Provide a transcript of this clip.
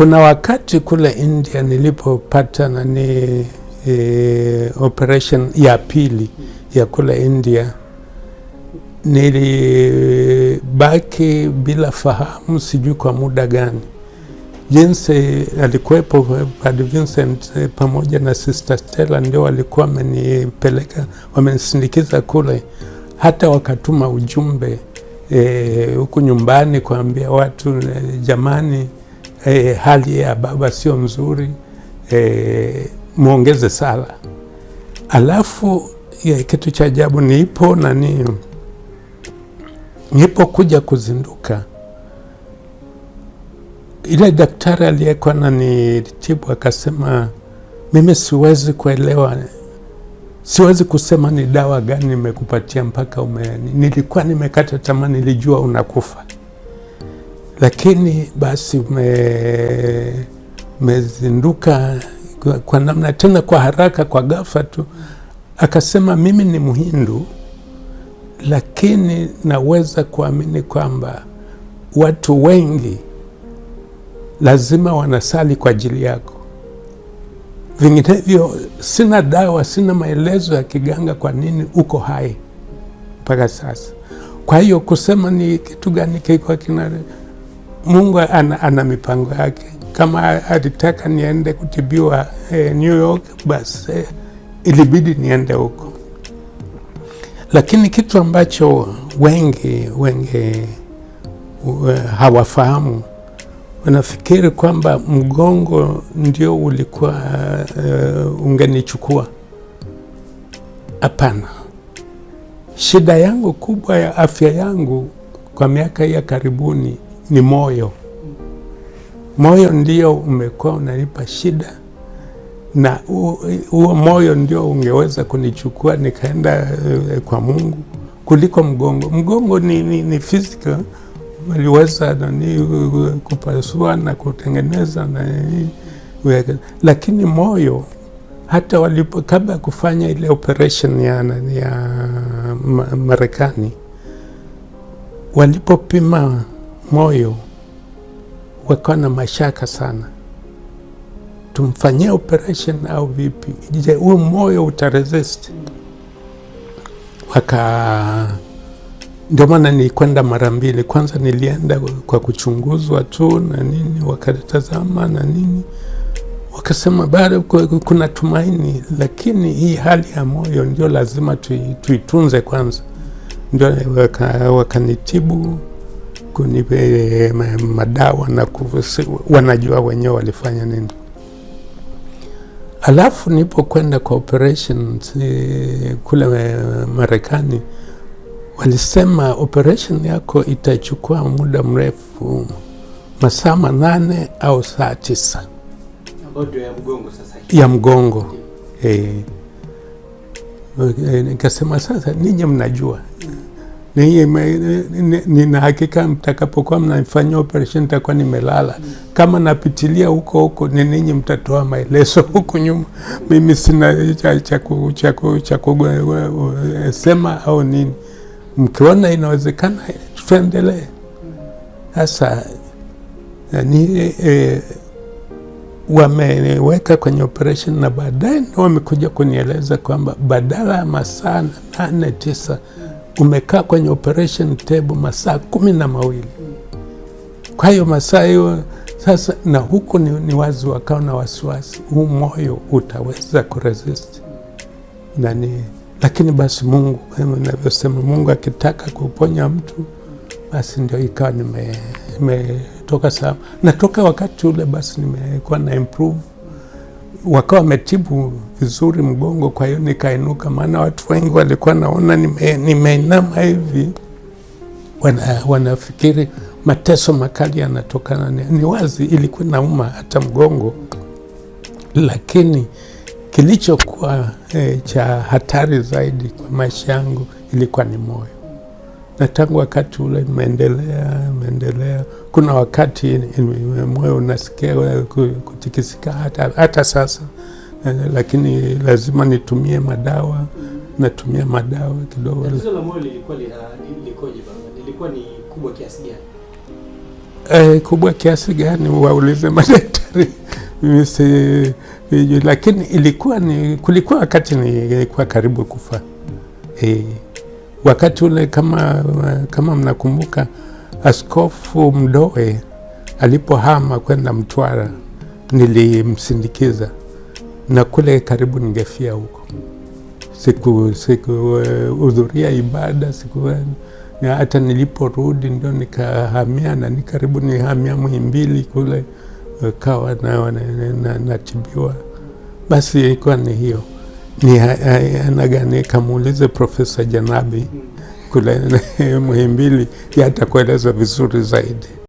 Kuna wakati kule India nilipopata nani e, operation ya pili ya kule India nilibaki bila fahamu, sijui kwa muda gani. Jinsi alikuwepo Padre Vincent e, pamoja na Sister Stella, ndio walikuwa wamenipeleka, wamenisindikiza kule, hata wakatuma ujumbe e, huku e, nyumbani kuambia watu e, jamani e, hali ya baba sio mzuri e, eh, muongeze sala. Alafu ya, kitu cha ajabu niipo nani, kuja kuzinduka ile daktari aliyekuwa nanitibu akasema, mimi siwezi kuelewa, siwezi kusema ni dawa gani nimekupatia mpaka ume, nilikuwa nimekata tamaa, nilijua unakufa lakini basi umezinduka kwa, kwa namna tena kwa haraka kwa ghafla tu akasema, mimi ni Mhindu lakini naweza kuamini kwamba watu wengi lazima wanasali kwa ajili yako, vinginevyo sina dawa, sina maelezo ya kiganga kwa nini uko hai mpaka sasa. Kwa hiyo kusema ni kitu gani kiko kina Mungu ana, ana mipango yake. Kama alitaka niende kutibiwa eh, New York, basi eh, ilibidi niende huko, lakini kitu ambacho wengi wengi uh, hawafahamu wanafikiri kwamba mgongo ndio ulikuwa uh, ungenichukua. Hapana, shida yangu kubwa ya afya yangu kwa miaka ya karibuni ni moyo. Moyo ndio umekuwa unanipa shida, na huo moyo ndio ungeweza kunichukua nikaenda eh, kwa Mungu kuliko mgongo. Mgongo ni, ni, ni physical waliweza nani kupasua na kutengeneza na lakini moyo hata walipo kabla ya kufanya ile operation ya, ya Marekani walipopima moyo wakawa na mashaka sana, tumfanyie operation au vipi? Je, huyu moyo utaresist? Waka ndio maana nilikwenda mara mbili. Kwanza nilienda kwa kuchunguzwa tu na nini, wakatazama na nini, wakasema bado kuna tumaini, lakini hii hali ya moyo ndio lazima tuitunze kwanza. Ndio wakanitibu waka kunipe eh, madawa na kufusi, wanajua wenyewe walifanya nini. Alafu kwenda kwa operation eh, kule eh, Marekani, walisema operation yako itachukua muda mrefu, masaa manane au saa tisa ya mgongo, sasa ya mgongo. Nikasema sasa ninyi mnajua nina hakika mtakapokuwa mnafanyia operesheni nitakuwa nimelala. Kama napitilia huko huko, ni ninyi mtatoa maelezo huku nyuma. Mimi sina cha kusema au nini. Mkiona inawezekana, tuendelee. Sasa ni e, e wameweka kwenye operation na baadaye wamekuja kunieleza kwamba badala ya masaa nane tisa umekaa kwenye operation table masaa kumi na mawili. Kwa hiyo masaa hiyo sasa, na huku ni, ni wazi wakawa na wasiwasi, huu moyo utaweza kuresist nani? Lakini basi Mungu navyosema, Mungu akitaka kuponya mtu basi ndio ikawa nimetoka nime salama, na toka wakati ule basi nimekuwa na improve wakawa wametibu vizuri mgongo, kwa hiyo nikainuka, maana watu wengi walikuwa naona nimeinama hivi wana, wanafikiri mateso makali yanatokana. Ni wazi ilikuwa nauma hata mgongo, lakini kilichokuwa e, cha hatari zaidi kwa maisha yangu ilikuwa ni moyo na tangu wakati ule imeendelea imeendelea. Kuna wakati moyo unasikia kutikisika hata, hata sasa eh, lakini lazima nitumie madawa, natumia madawa kidogo. Tatizo la moyo lilikuwa lilikoje baba? Lilikuwa ni kubwa kiasi gani? Eh, kubwa kiasi gani waulize madaktari mimi lakini ilikuwa ni kulikuwa wakati nilikuwa karibu kufa eh. Wakati ule kama, kama mnakumbuka Askofu Mdoe alipohama kwenda Mtwara nilimsindikiza na kule karibu ningefia huko. Sikuhudhuria siku, ibada siku, hata niliporudi ndio nikahamia na ni karibu nihamia Muhimbili kule kawa natibiwa na, na, na basi ilikuwa ni hiyo ni aina gani? Profesa Janabi kule Muhimbili, yatakueleza vizuri zaidi.